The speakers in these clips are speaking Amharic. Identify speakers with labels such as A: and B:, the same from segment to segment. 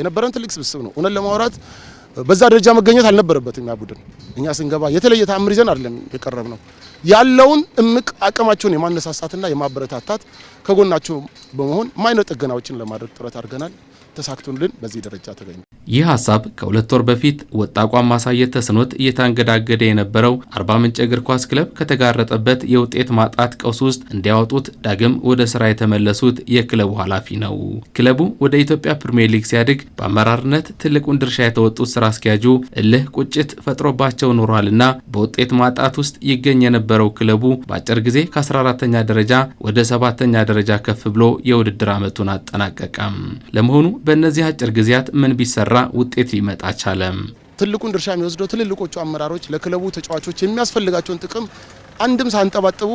A: የነበረን ትልቅ ስብስብ ነው። እውነት ለማውራት በዛ ደረጃ መገኘት አልነበረበትም ያ ቡድን። እኛ ስንገባ የተለየ ተአምር ይዘን አይደለም የቀረብ ነው ያለውን እምቅ አቅማቸውን የማነሳሳትና የማበረታታት ከጎናቸው በመሆን ማይነር ጥገናዎችን ለማድረግ ጥረት አድርገናል። ተሳክቶልን በዚህ ደረጃ ተገኘ።
B: ይህ ሀሳብ ከሁለት ወር በፊት ወጥ አቋም ማሳየት ተስኖት እየታንገዳገደ የነበረው አርባ ምንጭ እግር ኳስ ክለብ ከተጋረጠበት የውጤት ማጣት ቀውስ ውስጥ እንዲያወጡት ዳግም ወደ ስራ የተመለሱት የክለቡ ኃላፊ ነው። ክለቡ ወደ ኢትዮጵያ ፕሪምየር ሊግ ሲያድግ በአመራርነት ትልቁን ድርሻ የተወጡት ስራ አስኪያጁ እልህ ቁጭት ፈጥሮባቸው ኖሯልና በውጤት ማጣት ውስጥ ይገኝ የነበረው ክለቡ በአጭር ጊዜ ከ14ተኛ ደረጃ ወደ ሰባተኛ ደረጃ ከፍ ብሎ የውድድር ዓመቱን አጠናቀቀም። ለመሆኑ በእነዚህ አጭር ጊዜያት ምን ቢሰራ ስራ ውጤት ሊመጣ ቻለም።
A: ትልቁን ድርሻ የሚወስደው ትልልቆቹ አመራሮች ለክለቡ ተጫዋቾች የሚያስፈልጋቸውን ጥቅም አንድም ሳንጠባጥቡ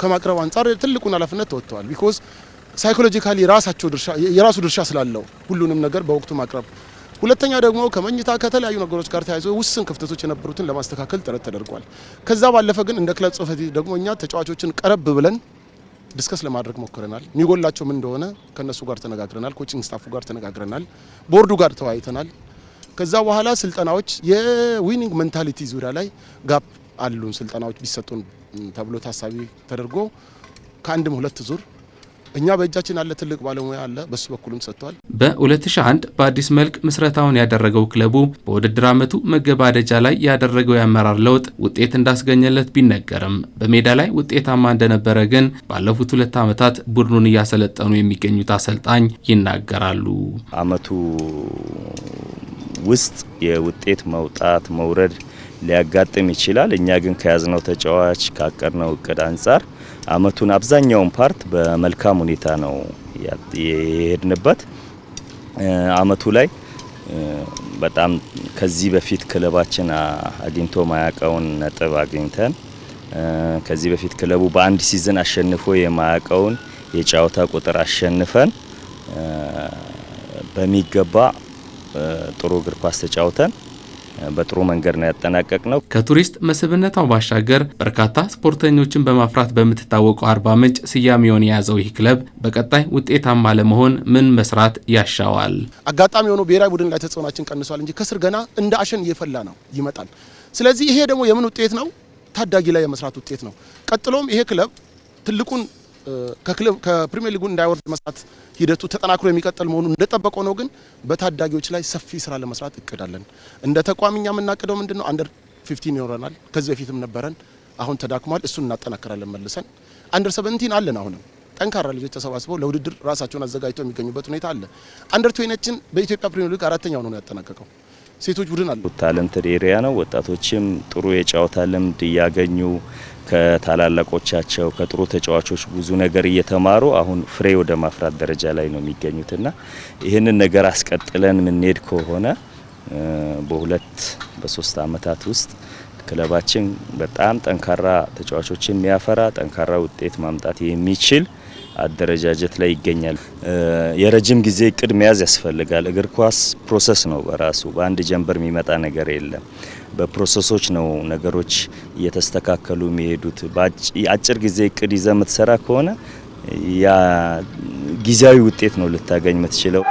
A: ከማቅረብ አንጻር ትልቁን ኃላፊነት ተወጥተዋል። ቢኮዝ ሳይኮሎጂካሊ የራሳቸው ድርሻ የራሱ ድርሻ ስላለው ሁሉንም ነገር በወቅቱ ማቅረብ ሁለተኛ ደግሞ ከመኝታ ከተለያዩ ነገሮች ጋር ተያይዞ ውስን ክፍተቶች የነበሩትን ለማስተካከል ጥረት ተደርጓል። ከዛ ባለፈ ግን እንደ ክለብ ጽሕፈት ደግሞ እኛ ተጫዋቾችን ቀረብ ብለን ዲስከስ ለማድረግ ሞክረናል። የሚጎላቸው ምን እንደሆነ ከነሱ ጋር ተነጋግረናል። ኮችንግ ስታፉ ጋር ተነጋግረናል። ቦርዱ ጋር ተወያይተናል። ከዛ በኋላ ስልጠናዎች የዊኒንግ ሜንታሊቲ ዙሪያ ላይ ጋፕ አሉን ስልጠናዎች ቢሰጡን ተብሎ ታሳቢ ተደርጎ ከአንድም ሁለት ዙር እኛ በእጃችን ያለ ትልቅ ባለሙያ አለ፣ በሱ በኩልም ሰጥቷል።
B: በ2001 በአዲስ መልክ ምስረታውን ያደረገው ክለቡ በውድድር ዓመቱ መገባደጃ ላይ ያደረገው የአመራር ለውጥ ውጤት እንዳስገኘለት ቢነገርም በሜዳ ላይ ውጤታማ እንደነበረ ግን ባለፉት ሁለት ዓመታት ቡድኑን እያሰለጠኑ የሚገኙት አሰልጣኝ ይናገራሉ።
C: ዓመቱ ውስጥ የውጤት መውጣት መውረድ ሊያጋጥም ይችላል። እኛ ግን ከያዝነው ተጫዋች ካቀድነው እቅድ አንጻር አመቱን አብዛኛውን ፓርት በመልካም ሁኔታ ነው የሄድንበት። አመቱ ላይ በጣም ከዚህ በፊት ክለባችን አግኝቶ ማያቀውን ነጥብ አግኝተን ከዚህ በፊት ክለቡ በአንድ ሲዝን አሸንፎ የማያቀውን የጨዋታ ቁጥር አሸንፈን በሚገባ ጥሩ እግር ኳስ ተጫውተን በጥሩ መንገድ ነው ያጠናቀቅ ነው።
B: ከቱሪስት መስህብነቷ ባሻገር በርካታ ስፖርተኞችን በማፍራት በምትታወቀው አርባ ምንጭ ስያሜውን የያዘው ይህ ክለብ በቀጣይ ውጤታማ ለመሆን ምን መስራት ያሻዋል?
A: አጋጣሚ የሆነው ብሔራዊ ቡድን ላይ ተጽዕኖችን ቀንሷል እንጂ ከስር ገና እንደ አሸን እየፈላ ነው ይመጣል። ስለዚህ ይሄ ደግሞ የምን ውጤት ነው? ታዳጊ ላይ የመስራት ውጤት ነው። ቀጥሎም ይሄ ክለብ ትልቁን ከክለብ ከፕሪሚየር እንዳይወርድ መስራት ሂደቱ ተጠናክሮ የሚቀጥል መሆኑ እንደጠበቀው ነው። ግን በታዳጊዎች ላይ ሰፊ ስራ ለመስራት እቅዳለን። እንደ ተቋም እኛ የምናቅደው ምንድን ነው? አንደር ፊፍቲን ይኖረናል። ከዚህ በፊትም ነበረን፣ አሁን ተዳክሟል። እሱን እናጠናክራለን መልሰን። አንደር ሰቨንቲን አለን አሁንም ጠንካራ ልጆች ተሰባስበው ለውድድር ራሳቸውን አዘጋጅተው የሚገኙበት ሁኔታ አለ። አንደር ትዌንቲዎችን በኢትዮጵያ ፕሪሚየር ሊግ አራተኛው ነው ያጠናቀቀው። ሴቶች ቡድን አለ።
C: ታለንትድ ኤሪያ ነው። ወጣቶችም ጥሩ የጨዋታ ልምድ እያገኙ ከታላላቆቻቸው ከጥሩ ተጫዋቾች ብዙ ነገር እየተማሩ አሁን ፍሬ ወደ ማፍራት ደረጃ ላይ ነው የሚገኙትና ይህንን ነገር አስቀጥለን የምንሄድ ከሆነ በሁለት በሶስት አመታት ውስጥ ክለባችን በጣም ጠንካራ ተጫዋቾችን የሚያፈራ ጠንካራ ውጤት ማምጣት የሚችል አደረጃጀት ላይ ይገኛል። የረጅም ጊዜ እቅድ መያዝ ያስፈልጋል። እግር ኳስ ፕሮሰስ ነው በራሱ በአንድ ጀንበር የሚመጣ ነገር የለም። በፕሮሰሶች ነው ነገሮች እየተስተካከሉ የሚሄዱት። አጭር ጊዜ እቅድ ይዘ የምትሰራ ከሆነ ያ ጊዜያዊ ውጤት ነው ልታገኝ የምትችለው።